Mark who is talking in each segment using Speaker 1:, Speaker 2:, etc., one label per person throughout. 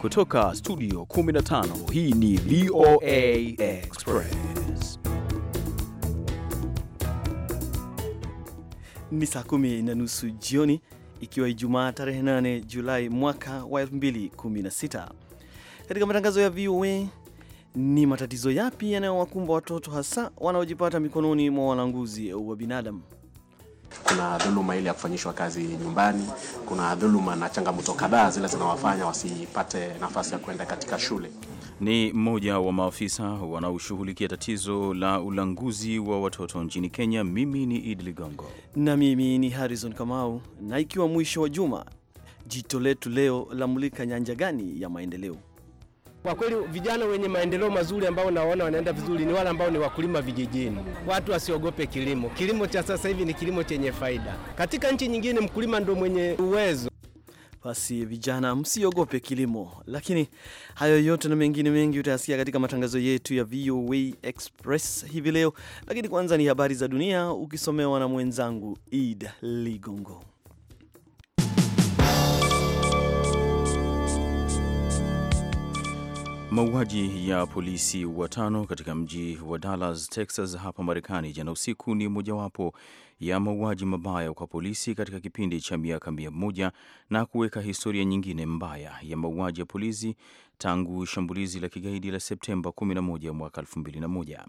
Speaker 1: Kutoka studio 15 hii ni VOA
Speaker 2: Express. Ni saa kumi na nusu jioni ikiwa Ijumaa tarehe 8 Julai mwaka wa 2016. Katika matangazo ya VOA ni matatizo yapi yanayowakumba watoto hasa wanaojipata mikononi mwa walanguzi wa binadamu? Kuna dhuluma ile ya kufanyishwa kazi nyumbani, kuna
Speaker 3: dhuluma na changamoto kadhaa zile zinawafanya wasipate nafasi ya kuenda katika shule.
Speaker 1: Ni mmoja wa maafisa wanaoshughulikia tatizo la ulanguzi wa watoto nchini
Speaker 2: Kenya. Mimi ni Idi Ligongo na mimi ni Harrison Kamau, na ikiwa mwisho wa juma, jito letu leo lamulika nyanja gani ya maendeleo?
Speaker 4: Kwa kweli vijana wenye maendeleo mazuri ambao naona wanaenda vizuri ni wale ambao ni wakulima vijijini. Watu wasiogope
Speaker 2: kilimo. Kilimo cha sasa hivi ni kilimo chenye faida. Katika nchi nyingine mkulima ndo mwenye uwezo. Basi vijana msiogope kilimo. Lakini hayo yote na mengine mengi utayasikia katika matangazo yetu ya VOA Express hivi leo, lakini kwanza ni habari za dunia ukisomewa na mwenzangu ed Ligongo.
Speaker 1: Mauaji ya polisi watano katika mji wa Dallas, Texas hapa Marekani jana usiku ni mojawapo ya mauaji mabaya kwa polisi katika kipindi cha miaka mia moja na kuweka historia nyingine mbaya ya mauaji ya polisi tangu shambulizi la kigaidi la Septemba 11 mwaka 2001.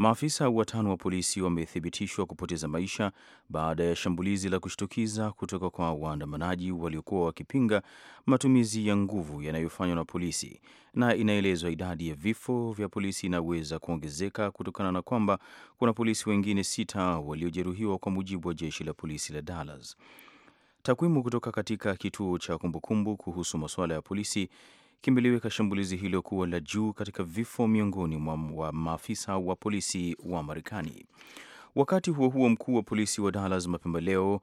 Speaker 1: Maafisa watano wa polisi wamethibitishwa kupoteza maisha baada ya shambulizi la kushtukiza kutoka kwa waandamanaji waliokuwa wakipinga matumizi ya nguvu yanayofanywa na polisi, na inaelezwa idadi ya vifo vya polisi inaweza kuongezeka kutokana na kwamba kuna polisi wengine sita waliojeruhiwa, kwa mujibu wa jeshi la polisi la Dallas. Takwimu kutoka katika kituo cha kumbukumbu kuhusu masuala ya polisi kimeliweka shambulizi hilo kuwa la juu katika vifo miongoni mwa maafisa wa polisi wa Marekani. Wakati huo huo, mkuu wa polisi wa Dallas mapema leo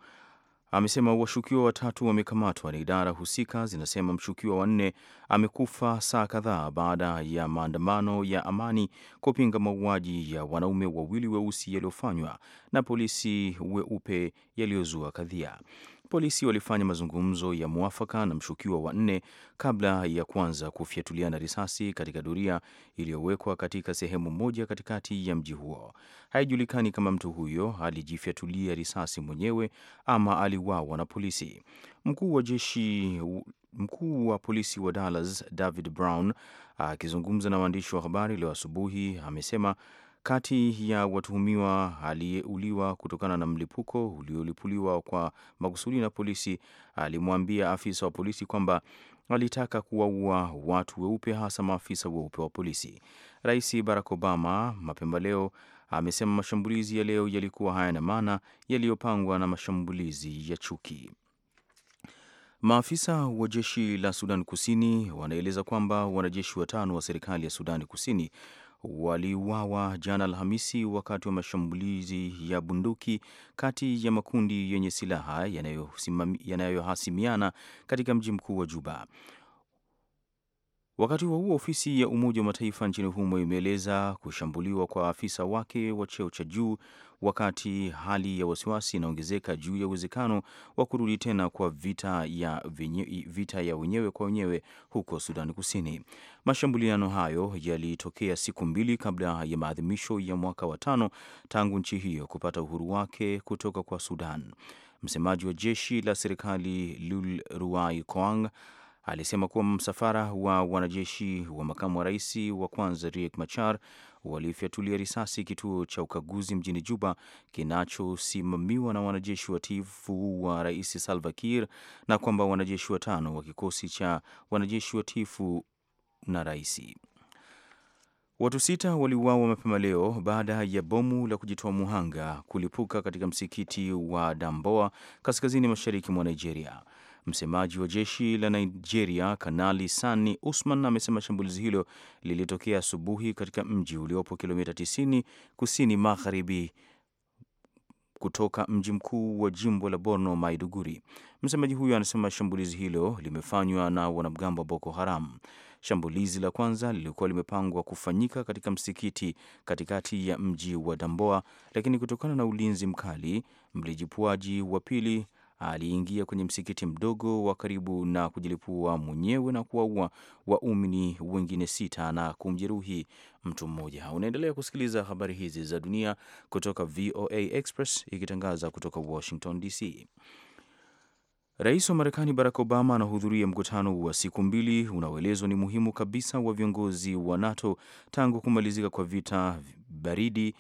Speaker 1: amesema washukiwa watatu wamekamatwa na idara husika zinasema mshukiwa wa nne amekufa saa kadhaa baada ya maandamano ya amani kupinga mauaji ya wanaume wawili weusi yaliyofanywa na polisi weupe yaliyozua kadhia. Polisi walifanya mazungumzo ya mwafaka na mshukiwa wa nne kabla ya kuanza kufyatuliana risasi katika doria iliyowekwa katika sehemu moja katikati ya mji huo. Haijulikani kama mtu huyo alijifyatulia risasi mwenyewe ama aliwawa na polisi. Mkuu wa jeshi Mkuu wa polisi wa Dallas David Brown akizungumza na waandishi wa habari leo asubuhi amesema kati ya watuhumiwa aliyeuliwa kutokana na mlipuko uliolipuliwa kwa makusudi na polisi alimwambia afisa wa polisi kwamba alitaka kuwaua watu weupe hasa maafisa weupe wa polisi. Rais Barack Obama mapema leo amesema mashambulizi ya leo yalikuwa hayana maana, yaliyopangwa na mashambulizi ya chuki. Maafisa wa jeshi la Sudan Kusini wanaeleza kwamba wanajeshi watano wa serikali ya sudani Kusini waliuawa jana Alhamisi wakati wa mashambulizi ya bunduki kati ya makundi yenye silaha yanayohasimiana katika mji mkuu wa Juba. Wakati huo huo, ofisi ya Umoja wa Mataifa nchini humo imeeleza kushambuliwa kwa afisa wake wa cheo cha juu wakati hali ya wasiwasi inaongezeka juu ya uwezekano wa kurudi tena kwa vita ya, vinye, vita ya wenyewe kwa wenyewe huko Sudan Kusini. Mashambuliano hayo yalitokea siku mbili kabla ya maadhimisho ya mwaka wa tano tangu nchi hiyo kupata uhuru wake kutoka kwa Sudan. Msemaji wa jeshi la serikali Lul Ruai Koang alisema kuwa msafara wa wanajeshi wa makamu wa rais wa kwanza Riek Machar walifyatulia risasi kituo cha ukaguzi mjini Juba kinachosimamiwa na wanajeshi watiifu wa rais Salva Kiir na kwamba wanajeshi watano wa kikosi cha wanajeshi watiifu na raisi Watu sita waliuawa mapema leo baada ya bomu la kujitoa muhanga kulipuka katika msikiti wa Damboa kaskazini mashariki mwa Nigeria. Msemaji wa jeshi la Nigeria, Kanali Sani Usman, amesema shambulizi hilo lilitokea asubuhi katika mji uliopo kilomita 90 kusini magharibi kutoka mji mkuu wa jimbo la Borno, Maiduguri. Msemaji huyo anasema shambulizi hilo limefanywa na wanamgambo wa Boko Haram. Shambulizi la kwanza lilikuwa limepangwa kufanyika katika msikiti katikati ya mji wa Damboa, lakini kutokana na ulinzi mkali, mlijipuaji wa pili aliingia kwenye msikiti mdogo wa karibu na kujilipua mwenyewe na kuwaua waumini wengine sita na kumjeruhi mtu mmoja. Unaendelea kusikiliza habari hizi za dunia kutoka VOA Express ikitangaza kutoka Washington DC. Rais wa Marekani Barack Obama anahudhuria mkutano wa siku mbili unaoelezwa ni muhimu kabisa wa viongozi wa NATO tangu kumalizika kwa vita baridi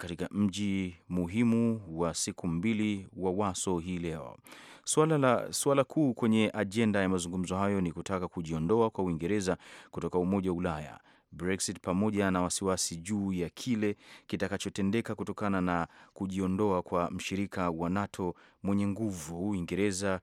Speaker 1: katika mji muhimu wa siku mbili wa Waso hii leo. Swala, la, kuu kwenye ajenda ya mazungumzo hayo ni kutaka kujiondoa kwa Uingereza kutoka Umoja wa Ulaya Brexit pamoja na wasiwasi juu ya kile kitakachotendeka kutokana na kujiondoa kwa mshirika wa NATO mwenye nguvu Uingereza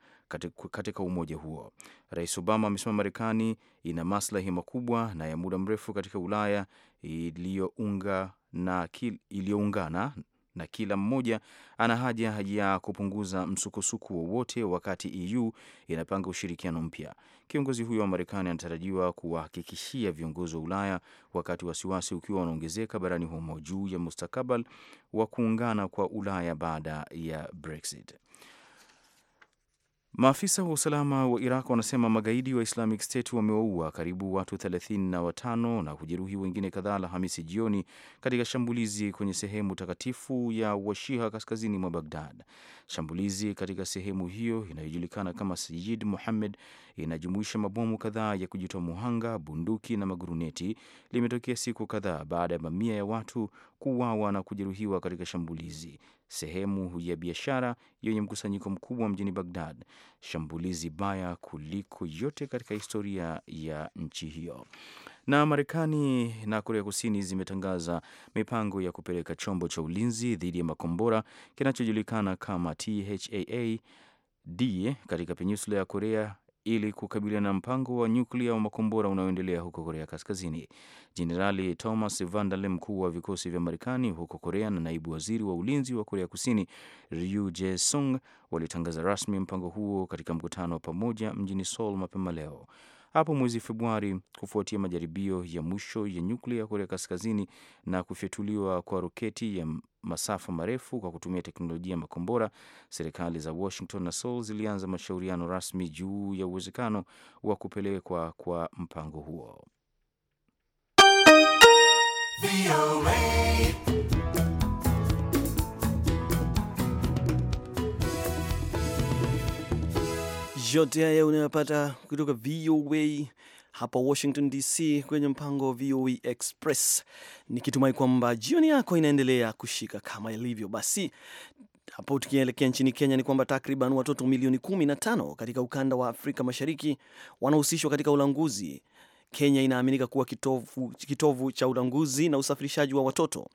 Speaker 1: katika umoja huo. Rais Obama amesema Marekani ina maslahi makubwa na ya muda mrefu katika Ulaya iliyounga na iliyoungana na kila mmoja ana haja ya kupunguza msukosuko wowote wakati EU inapanga ushirikiano mpya. Kiongozi huyo wa Marekani anatarajiwa kuwahakikishia viongozi wa Ulaya wakati wasiwasi ukiwa unaongezeka barani humo juu ya mustakabali wa kuungana kwa Ulaya baada ya Brexit. Maafisa wa usalama wa Iraq wanasema magaidi wa Islamic State wamewaua karibu watu 35 na na kujeruhi wengine kadhaa Alhamisi jioni katika shambulizi kwenye sehemu takatifu ya Washiha kaskazini mwa Bagdad. Shambulizi katika sehemu hiyo inayojulikana kama Sayid Muhammad inajumuisha mabomu kadhaa ya kujitoa muhanga, bunduki na maguruneti, limetokea siku kadhaa baada ya mamia ya watu kuuawa na kujeruhiwa katika shambulizi sehemu ya biashara yenye mkusanyiko mkubwa mjini Bagdad, shambulizi baya kuliko yote katika historia ya nchi hiyo. Na Marekani na Korea Kusini zimetangaza mipango ya kupeleka chombo cha ulinzi dhidi ya makombora kinachojulikana kama THAAD katika peninsula ya Korea ili kukabiliana na mpango wa nyuklia wa makombora unaoendelea huko Korea Kaskazini. Jenerali Thomas Vandale, mkuu wa vikosi vya Marekani huko Korea na naibu waziri wa ulinzi wa Korea Kusini Ryu Je sung walitangaza rasmi mpango huo katika mkutano wa pamoja mjini Seoul mapema leo hapo mwezi Februari kufuatia majaribio ya mwisho ya nyuklia Korea Kaskazini na kufyatuliwa kwa roketi ya masafa marefu kwa kutumia teknolojia ya makombora, serikali za Washington na Seoul zilianza mashauriano rasmi juu ya uwezekano wa kupelekwa kwa mpango huo.
Speaker 2: Yote haya unayopata kutoka VOA hapa Washington DC, kwenye mpango wa VOA Express, nikitumai kwamba jioni yako inaendelea kushika kama ilivyo. Basi hapo tukielekea nchini Kenya ni kwamba takriban watoto milioni 15 katika ukanda wa Afrika Mashariki wanahusishwa katika ulanguzi Kenya inaaminika kuwa kitovu, kitovu cha ulanguzi na usafirishaji wa watoto.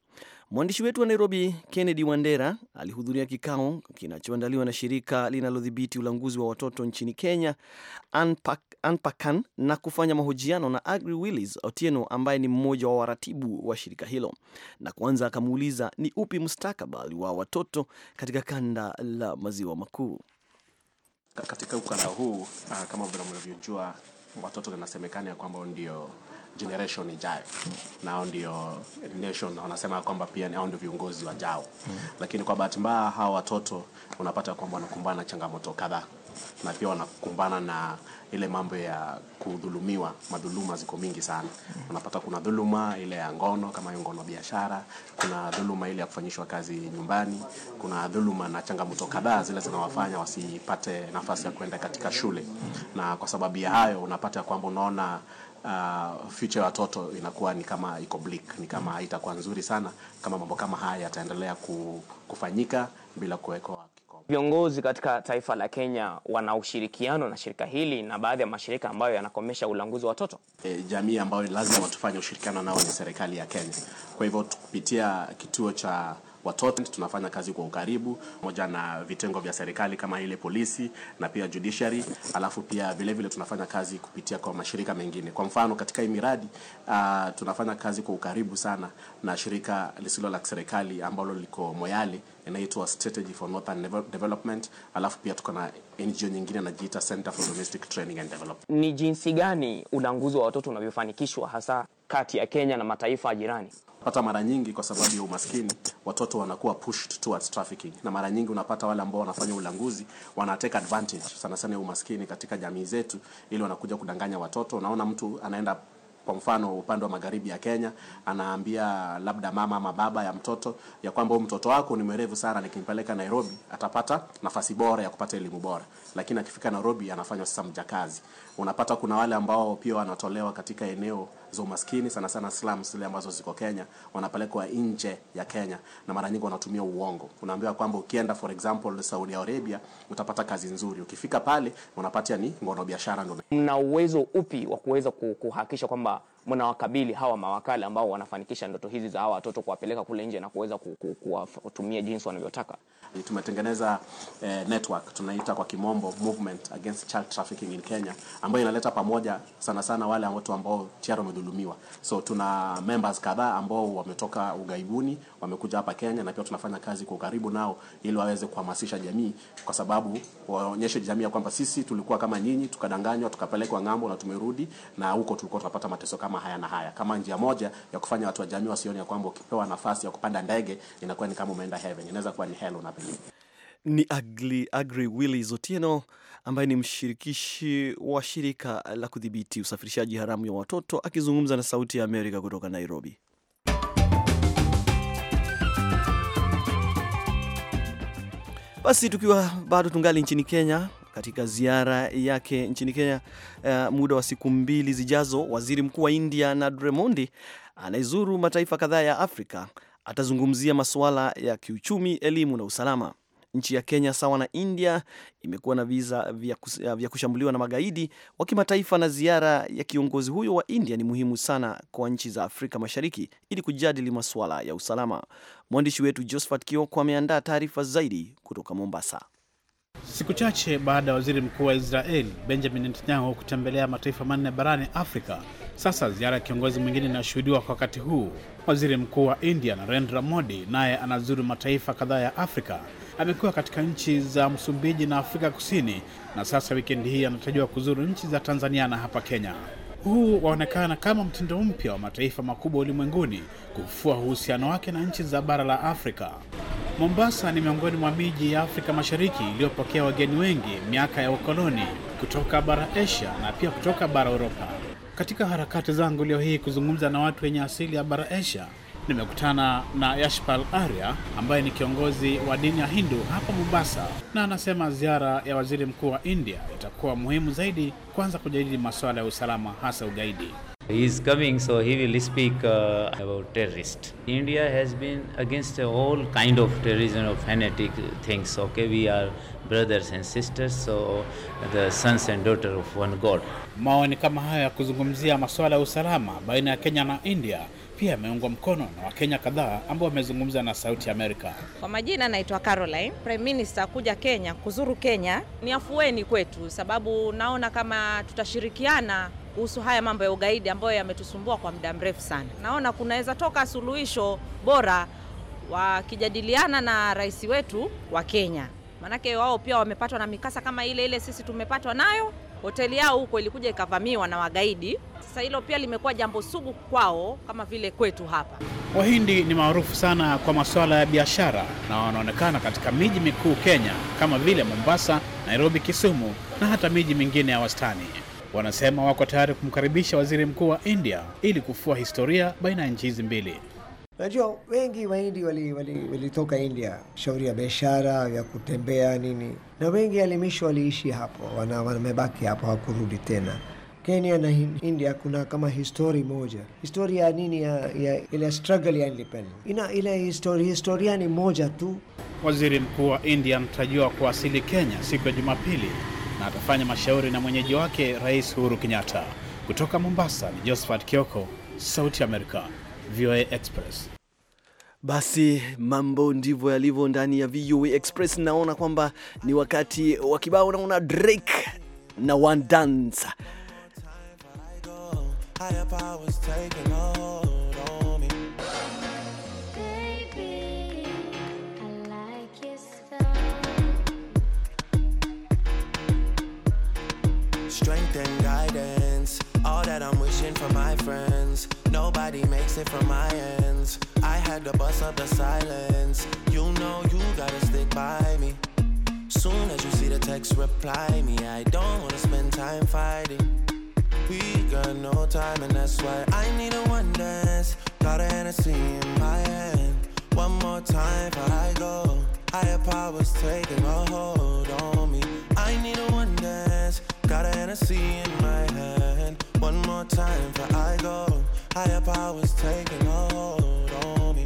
Speaker 2: Mwandishi wetu wa Nairobi, Kennedy Wandera, alihudhuria kikao kinachoandaliwa na shirika linalodhibiti ulanguzi wa watoto nchini Kenya, Anpakan, na kufanya mahojiano na Agri Willis Otieno ambaye ni mmoja wa waratibu wa shirika hilo, na kwanza akamuuliza ni upi mustakabali wa watoto katika kanda la maziwa makuu.
Speaker 3: Katika ukanda huu ah, kama vile mnavyojua, watoto linasemekana ya kwamba ndio generation ijayo na ndio nation wanasema kwamba pia hao ndio viongozi wajao mm. lakini kwa bahati mbaya hawa watoto unapata kwamba wanakumbana na changamoto kadhaa na pia wanakumbana na ile mambo ya kudhulumiwa. Madhuluma ziko mingi sana, unapata kuna dhuluma ile ya ngono kama hiyo ngono biashara, kuna dhuluma ile ya kufanyishwa kazi nyumbani, kuna dhuluma na changamoto kadhaa zile zinawafanya wasipate nafasi ya kuenda katika shule, na kwa sababu ya hayo unapata kwamba unaona uh, future ya watoto inakuwa ni kama iko bleak, ni kama haitakuwa nzuri sana kama mambo kama haya yataendelea kufanyika bila kuwekwa Viongozi katika taifa la
Speaker 1: Kenya wana ushirikiano na shirika hili na baadhi ya mashirika ambayo yanakomesha ulanguzi wa watoto.
Speaker 3: E, jamii ambayo lazima watufanye ushirikiano nao ni serikali ya Kenya. Kwa hivyo kupitia kituo cha watoto. Tunafanya kazi kwa ukaribu moja na vitengo vya serikali kama ile polisi na pia judiciary, alafu pia vilevile vile tunafanya kazi kupitia kwa mashirika mengine. Kwa mfano katika hii miradi uh, tunafanya kazi kwa ukaribu sana na shirika lisilo la serikali ambalo liko Moyale inaitwa Strategy for Northern Development, alafu pia tuko na NGO nyingine anajiita Center for Domestic Training and Development.
Speaker 1: Ni jinsi gani ulanguzi wa watoto unavyofanikishwa
Speaker 3: hasa kati ya Kenya na mataifa jirani? Hata mara nyingi kwa sababu ya umaskini watoto wanakuwa pushed towards trafficking, na mara nyingi unapata wale ambao wanafanya ulanguzi wana take advantage sana sana ya umaskini katika jamii zetu, ili wanakuja kudanganya watoto. Unaona mtu anaenda kwa mfano upande wa magharibi ya Kenya, anaambia labda mama ama baba ya mtoto ya kwamba mtoto wako ni mwerevu sana, nikimpeleka Nairobi atapata nafasi bora ya kupata elimu bora lakini akifika Nairobi anafanywa sasa mjakazi. Unapata kuna wale ambao pia wanatolewa katika eneo za umaskini, sana sana slums zile ambazo ziko Kenya, wanapelekwa nje ya Kenya na mara nyingi wanatumia uongo. Unaambiwa kwamba ukienda for example Saudi Arabia utapata kazi nzuri, ukifika pale unapata ni ngono biashara. Ndio mna uwezo upi wa kuweza kuhakikisha
Speaker 1: kwamba
Speaker 5: mnawakabili hawa mawakala ambao wanafanikisha ndoto hizi za hawa watoto kuwapeleka kule nje na kuweza kuwatumia jinsi wanavyotaka?
Speaker 3: Tumetengeneza eh, network tunaita kwa kimombo Movement Against Child Trafficking in Kenya, ambayo inaleta pamoja sana sana wale watu ambao tayari wamedhulumiwa. So tuna members kadhaa ambao wametoka ugaibuni wamekuja hapa Kenya, na pia tunafanya kazi kwa karibu nao ili waweze kuhamasisha jamii, kwa sababu waonyeshe jamii ya kwamba sisi tulikuwa kama nyinyi, tukadanganywa, tukapelekwa ng'ambo na tumerudi, na huko tulikuwa tunapata mateso kama haya na haya, kama njia moja ya kufanya watu wa jamii wasione ya kwamba ukipewa nafasi ya kupanda ndege inakuwa ni kama umeenda heaven, inaweza kuwa ni hell Unapenda
Speaker 2: ni Agri, Agri Willy Zotieno ambaye ni mshirikishi wa shirika la kudhibiti usafirishaji haramu ya watoto akizungumza na Sauti ya Amerika kutoka Nairobi. Basi tukiwa bado tungali nchini Kenya, katika ziara yake nchini Kenya uh, muda wa siku mbili zijazo, waziri mkuu wa India Narendra Modi anayezuru mataifa kadhaa ya Afrika. Atazungumzia masuala ya kiuchumi, elimu na usalama. Nchi ya Kenya sawa na India imekuwa na visa eh, vya kushambuliwa na magaidi wa kimataifa, na ziara ya kiongozi huyo wa India ni muhimu sana kwa nchi za Afrika Mashariki ili kujadili masuala ya usalama. Mwandishi wetu Josephat Kioko ameandaa taarifa zaidi kutoka Mombasa.
Speaker 6: Siku chache baada ya waziri mkuu wa Israel Benjamin Netanyahu kutembelea mataifa manne barani Afrika, sasa ziara ya kiongozi mwingine inashuhudiwa kwa wakati huu. Waziri mkuu wa India Narendra Modi naye anazuru mataifa kadhaa ya Afrika amekuwa katika nchi za Msumbiji na Afrika Kusini na sasa wikendi hii anatarajiwa kuzuru nchi za Tanzania na hapa Kenya. Huu waonekana kama mtindo mpya wa mataifa makubwa ulimwenguni kufufua uhusiano wake na nchi za bara la Afrika. Mombasa ni miongoni mwa miji ya Afrika Mashariki iliyopokea wageni wengi miaka ya ukoloni kutoka bara Asia na pia kutoka bara Uropa. Katika harakati zangu leo hii kuzungumza na watu wenye asili ya bara Asia Nimekutana na Yashpal Arya ambaye ni kiongozi wa dini ya Hindu hapa Mombasa, na anasema ziara ya waziri mkuu wa India itakuwa muhimu zaidi, kwanza kujadili masuala ya usalama, hasa ugaidi. He is coming so he will speak uh, about terrorist. India has been against all kind of terrorism of fanatic things. Okay, we are brothers and sisters so the sons and daughter of one God. Maoni kama haya ya kuzungumzia masuala ya usalama baina ya Kenya na India pia ameungwa mkono na Wakenya kadhaa ambao wamezungumza na Sauti Amerika.
Speaker 5: Kwa majina naitwa Caroline. Prime Minister kuja Kenya, kuzuru Kenya ni afueni kwetu, sababu naona kama tutashirikiana kuhusu haya mambo ya ugaidi ambayo yametusumbua kwa muda mrefu sana. Naona kunaweza toka suluhisho bora wakijadiliana na rais wetu wa Kenya, maanake wao pia wamepatwa na mikasa kama ile ile sisi tumepatwa nayo hoteli yao huko ilikuja ikavamiwa na wagaidi. Sasa hilo pia limekuwa jambo sugu kwao kama vile kwetu hapa.
Speaker 6: Wahindi ni maarufu sana kwa masuala ya biashara na wanaonekana katika miji mikuu Kenya kama vile Mombasa, Nairobi, Kisumu na hata miji mingine ya wastani. Wanasema wako tayari kumkaribisha waziri mkuu wa India ili kufua historia baina ya nchi hizi mbili. Unajua wengi Wahindi walitoka wali, wali India, shauri ya biashara ya kutembea nini, na wengi alimishwa waliishi hapo, wamebaki hapo, hawakurudi tena. Kenya na India kuna kama histori moja, historia ya nini ya, ya ile struggle ya independence. Ina ile histori, historia ni moja tu. Waziri mkuu wa India anatarajiwa kuwasili Kenya siku ya Jumapili na atafanya mashauri na mwenyeji wake Rais Uhuru Kenyatta. Kutoka Mombasa ni Josephat Kioko,
Speaker 2: Sauti ya Amerika.
Speaker 6: VOA Express.
Speaker 2: Basi mambo ndivyo yalivyo ndani ya VOA Express. Naona kwamba ni wakati wa kibao, naona Drake na One Dance Strength and guidance. All that I'm wishing for my friends, nobody makes it from my ends. I had to bust up the silence. You know you gotta stick by me. Soon as you see the text, reply me. I don't wanna spend time fighting. We got no time, and that's why I need a one dance. Got a Hennessy in my hand. One more time before I go. Higher powers taking a hold on me. I need a one dance. Got a Hennessy in my hand. One more time for I go. Higher powers taking hold on me.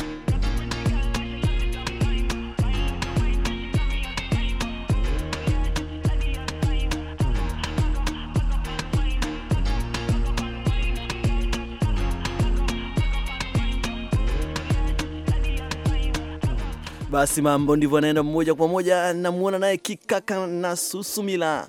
Speaker 2: Basi mambo ndivyo anaenda moja kwa moja, namuona naye kikaka na Susumila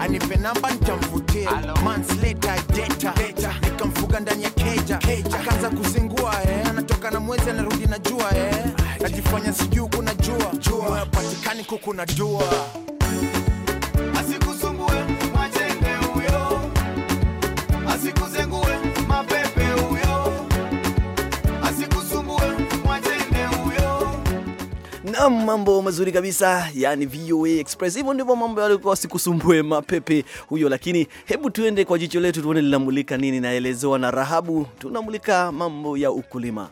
Speaker 3: anipe namba nitamvutia mansleta deta nikamfuga ndani ya keja akaanza kuzingua eh. anatoka na mwezi anarudi na jua eh. najifanya sijuu kuna jua patikani kuku na jua
Speaker 2: mambo mazuri kabisa, yani VOA Express. Hivyo ndivyo mambo yalikuwa, sikusumbue mapepe huyo. Lakini hebu tuende kwa jicho letu tuone linamulika nini. Naelezewa na Rahabu, tunamulika mambo ya ukulima.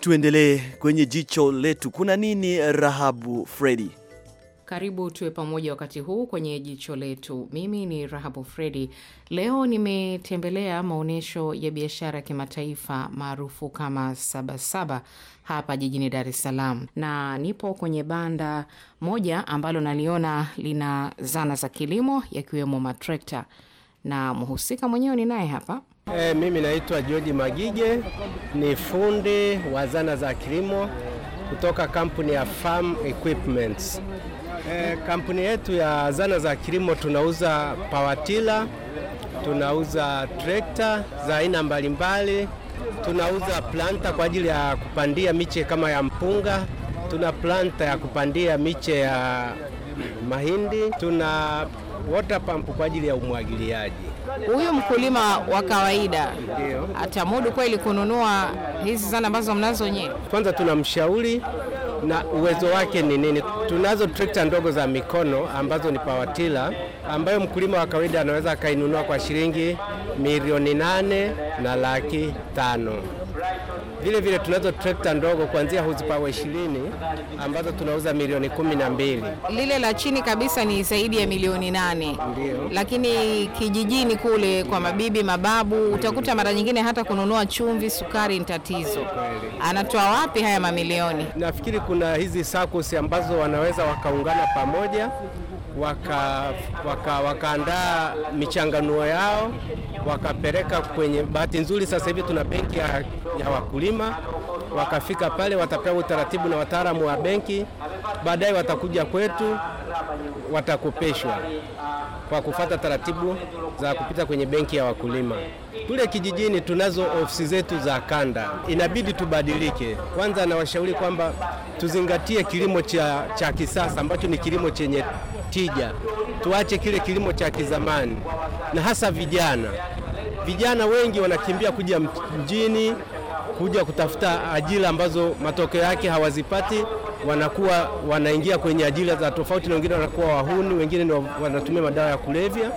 Speaker 2: Tuendelee kwenye jicho letu, kuna nini Rahabu Fredi?
Speaker 5: Karibu tuwe pamoja wakati huu kwenye jicho letu. Mimi ni Rahabu Fredi. Leo nimetembelea maonyesho ya biashara ya kimataifa maarufu kama Sabasaba hapa jijini Dar es Salaam, na nipo kwenye banda moja ambalo naliona lina zana za kilimo yakiwemo matrekta na mhusika mwenyewe ni naye hapa.
Speaker 4: E, mimi naitwa George Magige, ni fundi wa zana za kilimo kutoka kampuni ya Farm Equipments. Eh, kampuni yetu ya zana za kilimo tunauza pawatila, tunauza trekta za aina mbalimbali, tunauza planta kwa ajili ya kupandia miche kama ya mpunga, tuna planta ya kupandia miche ya mahindi, tuna water pump kwa ajili ya umwagiliaji.
Speaker 5: Huyu mkulima wa kawaida atamudu kweli kununua hizi zana ambazo mnazo nyewe?
Speaker 4: Kwanza tunamshauri na uwezo wake ni nini. Tunazo trekta ndogo za mikono ambazo ni pawatila, ambayo mkulima wa kawaida anaweza akainunua kwa shilingi milioni nane na laki tano. Vile vile tunazo trekta ndogo kuanzia huzipawa 20 ambazo tunauza milioni kumi na mbili.
Speaker 5: Lile la chini kabisa ni zaidi ya milioni nane. Ndiyo. Lakini kijijini kule kwa mabibi mababu utakuta mara nyingine hata kununua chumvi, sukari ni tatizo. Anatoa
Speaker 4: wapi haya mamilioni? Nafikiri kuna hizi sakosi ambazo wanaweza wakaungana pamoja wakaandaa waka, waka yao wakapeleka kwenye, bahati nzuri sasa hivi tuna benki ya, ya wakulima wakafika pale, watapewa utaratibu na wataalamu wa benki, baadaye watakuja kwetu, watakopeshwa kwa kufata taratibu za kupita kwenye benki ya wakulima. Kule kijijini tunazo ofisi zetu za kanda, inabidi tubadilike. Kwanza nawashauri kwamba tuzingatie kilimo cha, cha kisasa ambacho ni kilimo chenye tija tuache kile kilimo cha kizamani, na hasa vijana. Vijana wengi wanakimbia kuja mjini kuja kutafuta ajira ambazo matokeo yake hawazipati, wanakuwa wanaingia kwenye ajira za tofauti, na wengine wanakuwa wahuni, wengine ni wanatumia madawa ya kulevya.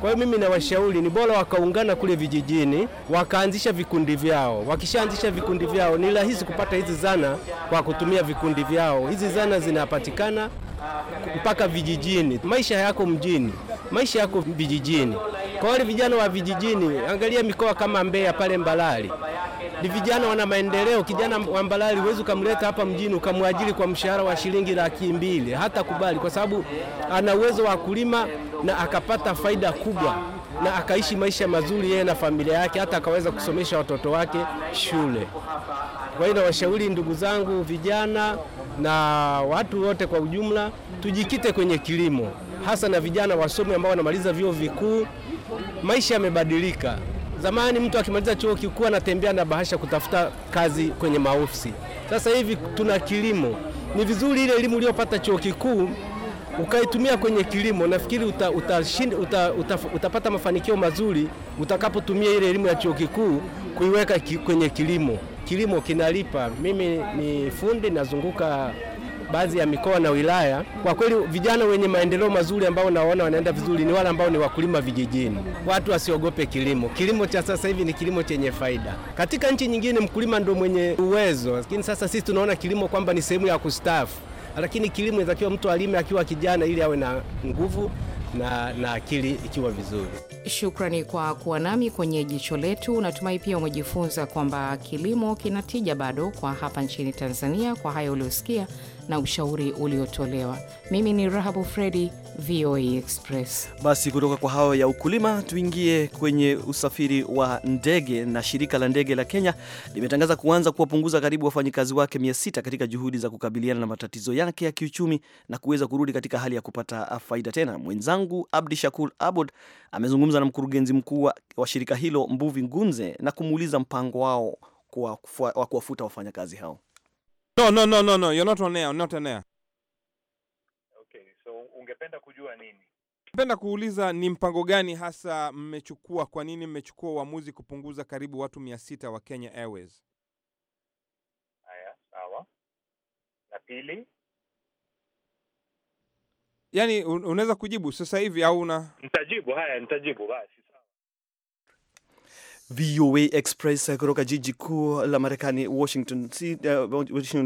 Speaker 4: Kwa hiyo mimi nawashauri ni bora wakaungana kule vijijini, wakaanzisha vikundi vyao. Wakishaanzisha vikundi vyao, ni rahisi kupata hizi zana kwa kutumia vikundi vyao. Hizi zana zinapatikana mpaka vijijini. Maisha yako mjini, maisha yako vijijini. Kwa wale vijana wa vijijini, angalia mikoa kama Mbeya pale Mbalali ni vijana wana maendeleo. Kijana wa Mbalali huwezi ukamleta hapa mjini ukamwajiri kwa mshahara wa shilingi laki mbili, hata kubali, kwa sababu ana uwezo wa kulima na akapata faida kubwa na akaishi maisha mazuri yeye na familia yake, hata akaweza kusomesha watoto wake shule. Kwa hiyo nawashauri ndugu zangu vijana na watu wote kwa ujumla tujikite kwenye kilimo, hasa na vijana wasomi ambao wanamaliza vyuo vikuu. Maisha yamebadilika. Zamani mtu akimaliza chuo kikuu anatembea na bahasha kutafuta kazi kwenye maofisi. Sasa hivi tuna kilimo. Ni vizuri ile elimu uliyopata chuo kikuu ukaitumia kwenye kilimo. Nafikiri uta, uta, uta, uta, utapata mafanikio mazuri utakapotumia ile elimu ya chuo kikuu kuiweka kwenye kilimo kilimo kinalipa. Mimi ni fundi, nazunguka baadhi ya mikoa na wilaya. Kwa kweli, vijana wenye maendeleo mazuri ambao naona wanaenda vizuri ni wale ambao ni wakulima vijijini. Watu wasiogope kilimo. Kilimo cha sasa hivi ni kilimo chenye faida. Katika nchi nyingine mkulima ndio mwenye uwezo, lakini sasa sisi tunaona kilimo kwamba ni sehemu ya kustaafu, lakini kilimo inatakiwa mtu alime akiwa kijana ili awe na nguvu na, na akili ikiwa vizuri.
Speaker 5: Shukrani kwa kuwa nami kwenye jicho letu. Natumai pia umejifunza kwamba kilimo kinatija bado kwa hapa nchini Tanzania, kwa hayo uliosikia na ushauri uliotolewa. Mimi ni Rahabu Fredi VOA Express.
Speaker 2: Basi kutoka kwa hayo ya ukulima tuingie kwenye usafiri wa ndege. Na shirika la ndege la Kenya limetangaza kuanza kuwapunguza karibu wafanyikazi wake 600 katika juhudi za kukabiliana na matatizo yake ya kiuchumi na kuweza kurudi katika hali ya kupata faida tena. Mwenzangu Abdi Shakur Abud amezungumza na mkurugenzi mkuu wa shirika hilo Mbuvi Ngunze na kumuuliza mpango wao wa kuwafuta wafanyakazi hao. No, no, no, no, no. You're not on air, not on air
Speaker 1: ningependa kujua nini. Napenda kuuliza ni mpango gani hasa mmechukua? Kwa nini mmechukua uamuzi kupunguza karibu watu mia sita wa Kenya Airways? Haya, sawa. Na pili, yaani unaweza kujibu sasa hivi au una? Nitajibu. Haya, nitajibu basi.
Speaker 2: VOA Express eh, kutoka jiji kuu la Marekani, Washington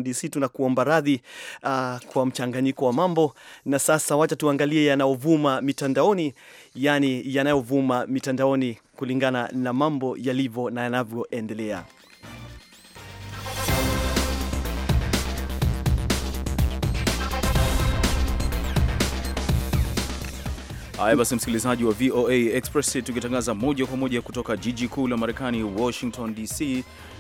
Speaker 2: DC. Eh, tunakuomba radhi uh, kwa mchanganyiko wa mambo. Na sasa wacha tuangalie yanayovuma mitandaoni, yani yanayovuma mitandaoni kulingana na mambo yalivyo na yanavyoendelea.
Speaker 1: Haya basi, msikilizaji wa VOA Express, tukitangaza moja kwa moja kutoka jiji kuu la Marekani, Washington DC.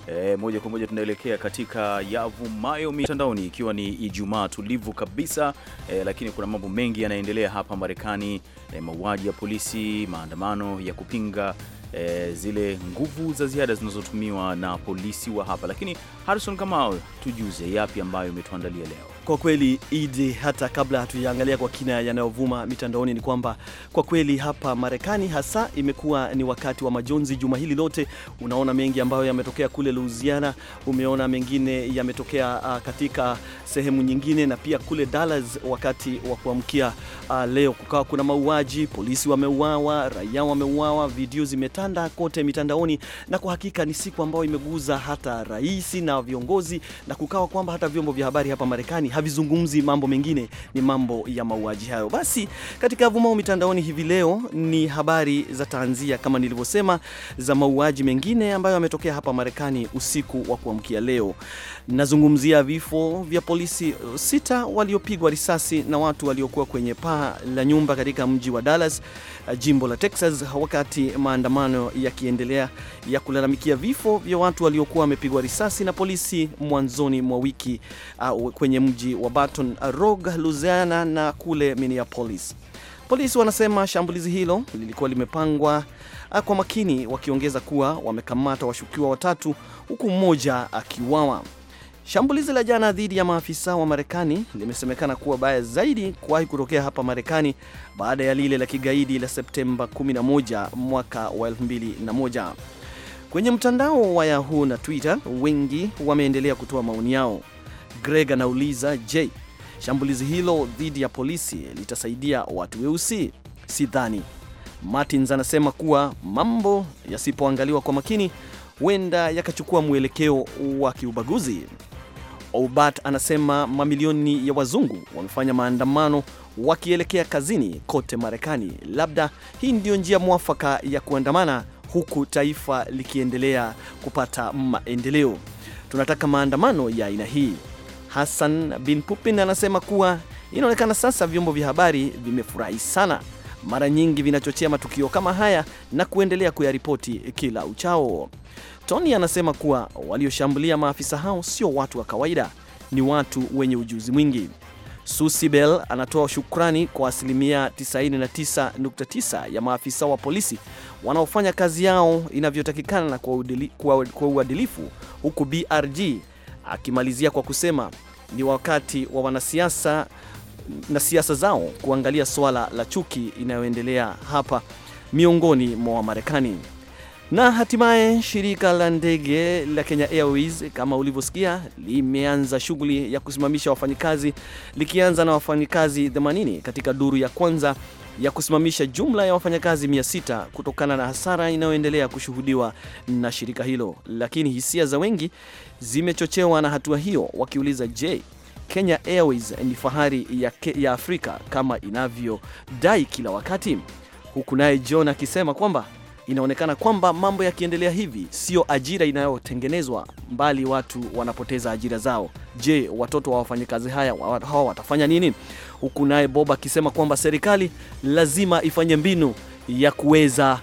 Speaker 1: E, eh, moja kwa moja tunaelekea katika yavumayo mitandaoni, ikiwa ni Ijumaa tulivu kabisa e, lakini kuna mambo mengi yanaendelea hapa Marekani e, mauaji ya polisi, maandamano ya kupinga e, zile nguvu za ziada zinazotumiwa na polisi wa hapa. Lakini
Speaker 2: Harrison Kamau, tujuze yapi ambayo umetuandalia leo? Kwa kweli Idi, hata kabla hatujaangalia kwa kina yanayovuma mitandaoni, ni kwamba kwa kweli hapa Marekani hasa imekuwa ni wakati wa majonzi juma hili lote. Unaona mengi ambayo yametokea kule Louisiana, umeona mengine yametokea ah, katika sehemu nyingine, na pia kule Dallas wakati wa kuamkia ah, leo kukawa kuna mauaji, polisi wameuawa, raia wameuawa, video zimetanda kote mitandaoni, na kwa hakika ni siku ambayo imeguza hata rais na viongozi, na kukawa kwamba hata vyombo vya habari hapa Marekani havizungumzi mambo mengine, ni mambo ya mauaji hayo. Basi katika vumao mitandaoni hivi leo ni habari za tanzia kama nilivyosema, za mauaji mengine ambayo yametokea hapa Marekani usiku wa kuamkia leo. Nazungumzia vifo vya polisi uh, sita waliopigwa risasi na watu waliokuwa kwenye paa la nyumba katika mji wa Dallas, uh, jimbo la Texas, wakati maandamano yakiendelea ya kulalamikia vifo vya watu waliokuwa wamepigwa risasi na polisi mwanzoni mwa wiki uh, kwenye mji mji wa Baton Rouge, Louisiana na kule Minneapolis. Polisi wanasema shambulizi hilo lilikuwa limepangwa ah, kwa makini, wakiongeza kuwa wamekamata washukiwa watatu huku mmoja akiuawa. Shambulizi la jana dhidi ya maafisa wa Marekani limesemekana kuwa baya zaidi kuwahi kutokea hapa Marekani baada ya lile la kigaidi la Septemba 11 mwaka wa 2001. Kwenye mtandao wa Yahoo na Twitter wengi wameendelea kutoa maoni yao. Greg anauliza, je, shambulizi hilo dhidi ya polisi litasaidia watu weusi? Sidhani. Martins anasema kuwa mambo yasipoangaliwa kwa makini huenda yakachukua mwelekeo wa kiubaguzi. Obat anasema mamilioni ya wazungu wamefanya maandamano wakielekea kazini kote Marekani. Labda hii ndiyo njia mwafaka ya kuandamana huku taifa likiendelea kupata maendeleo. Tunataka maandamano ya aina hii. Hassan bin Pupin anasema kuwa inaonekana sasa vyombo vya habari vimefurahi sana, mara nyingi vinachochea matukio kama haya na kuendelea kuyaripoti kila uchao. Tony anasema kuwa walioshambulia maafisa hao sio watu wa kawaida, ni watu wenye ujuzi mwingi. susibel Bell anatoa shukrani kwa asilimia 99.9 ya maafisa wa polisi wanaofanya kazi yao inavyotakikana na kwa uadilifu, huku BRG akimalizia kwa kusema ni wakati wa wanasiasa na siasa zao kuangalia swala la chuki inayoendelea hapa miongoni mwa Wamarekani. Na hatimaye shirika la ndege la Kenya Airways kama ulivyosikia, limeanza shughuli ya kusimamisha wafanyikazi likianza na wafanyikazi 80 katika duru ya kwanza ya kusimamisha jumla ya wafanyakazi 600 kutokana na hasara inayoendelea kushuhudiwa na shirika hilo. Lakini hisia za wengi zimechochewa na hatua hiyo, wakiuliza je, Kenya Airways ni fahari ya, ya Afrika kama inavyodai kila wakati? Huku naye John akisema kwamba inaonekana kwamba mambo yakiendelea hivi sio ajira inayotengenezwa mbali watu wanapoteza ajira zao. Je, watoto wa wafanyakazi haya hawa watafanya nini? huku naye Bob akisema kwamba serikali lazima ifanye mbinu ya kuweza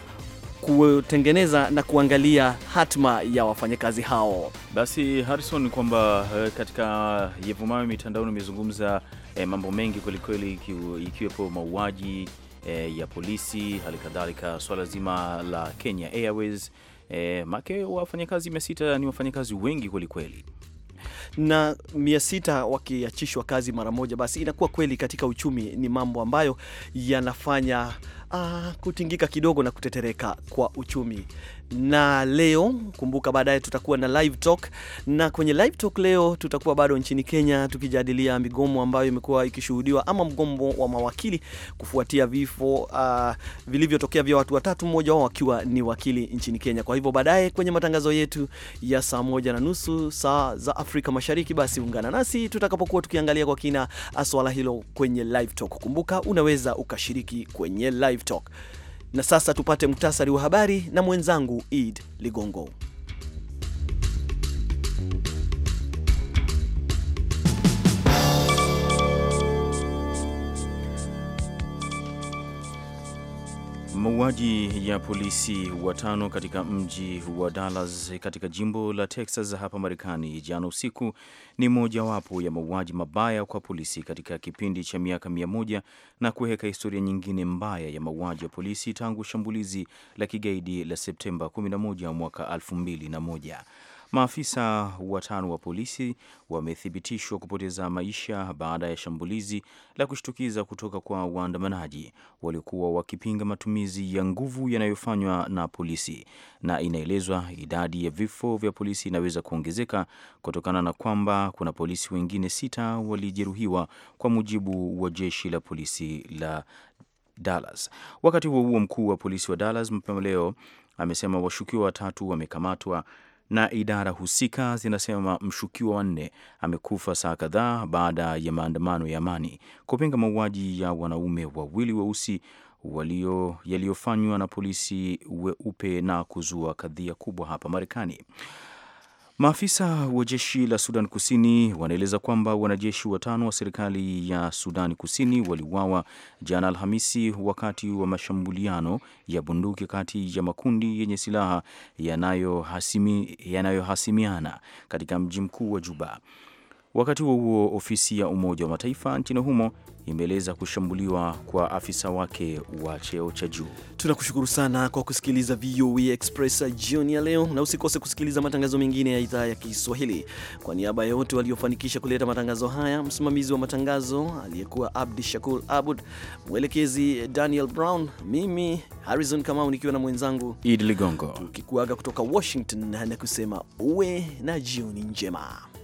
Speaker 2: kutengeneza na kuangalia hatma ya wafanyakazi hao. Basi
Speaker 1: Harrison, kwamba eh, katika yevumayo mitandaoni imezungumza eh, mambo mengi kwelikweli, ikiwepo mauaji eh, ya polisi, hali kadhalika swala zima la Kenya Airways eh, make wafanyakazi mia sita ni wafanyakazi wengi kwelikweli
Speaker 2: na mia sita wakiachishwa kazi mara moja, basi inakuwa kweli katika uchumi ni mambo ambayo yanafanya uh, kutingika kidogo na kutetereka kwa uchumi na leo kumbuka, baadaye tutakuwa na live talk, na kwenye live talk leo tutakuwa bado nchini Kenya tukijadilia migomo ambayo imekuwa ikishuhudiwa ama mgomo wa mawakili kufuatia vifo uh, vilivyotokea vya watu watatu, mmoja wao akiwa ni wakili nchini Kenya. Kwa hivyo baadaye kwenye matangazo yetu ya saa moja na nusu saa za Afrika Mashariki, basi ungana nasi tutakapokuwa tukiangalia kwa kina ah, swala hilo kwenye live talk. Kumbuka unaweza ukashiriki kwenye live talk. Na sasa tupate muktasari wa habari na mwenzangu Eid Ligongo.
Speaker 1: Mauaji ya polisi watano katika mji wa Dallas katika jimbo la Texas hapa Marekani jana usiku ni mojawapo ya mauaji mabaya kwa polisi katika kipindi cha miaka mia moja na kuweka historia nyingine mbaya ya mauaji ya polisi tangu shambulizi la kigaidi la Septemba 11 mwaka 2001. Maafisa watano wa polisi wamethibitishwa kupoteza maisha baada ya shambulizi la kushtukiza kutoka kwa waandamanaji waliokuwa wakipinga matumizi ya nguvu yanayofanywa na polisi, na inaelezwa idadi ya vifo vya polisi inaweza kuongezeka kutokana na kwamba kuna polisi wengine sita walijeruhiwa, kwa mujibu wa jeshi la polisi la Dallas. Wakati huo huo, mkuu wa polisi wa Dallas mapema leo amesema washukiwa watatu wamekamatwa na idara husika zinasema mshukiwa wanne amekufa saa kadhaa baada ya maandamano ya amani kupinga mauaji ya wanaume wawili weusi walio yaliyofanywa na polisi weupe na kuzua kadhia kubwa hapa Marekani. Maafisa wa jeshi la Sudan Kusini wanaeleza kwamba wanajeshi watano wa serikali ya Sudan Kusini waliuawa jana Alhamisi wakati wa mashambuliano ya bunduki kati ya makundi yenye silaha yanayohasimiana katika mji mkuu wa Juba. Wakati huo huo, ofisi ya Umoja wa Mataifa nchini humo imeeleza kushambuliwa kwa afisa wake wa cheo cha juu.
Speaker 2: Tunakushukuru sana kwa kusikiliza VOA e Express jioni ya leo, na usikose kusikiliza matangazo mengine ya idhaa ya Kiswahili. Kwa niaba ya wote waliofanikisha kuleta matangazo haya, msimamizi wa matangazo aliyekuwa Abdi Shakur Abud, mwelekezi Daniel Brown, mimi Harrison Kamau nikiwa na mwenzangu Idi Ligongo, tukikuaga kutoka Washington na kusema uwe na jioni njema.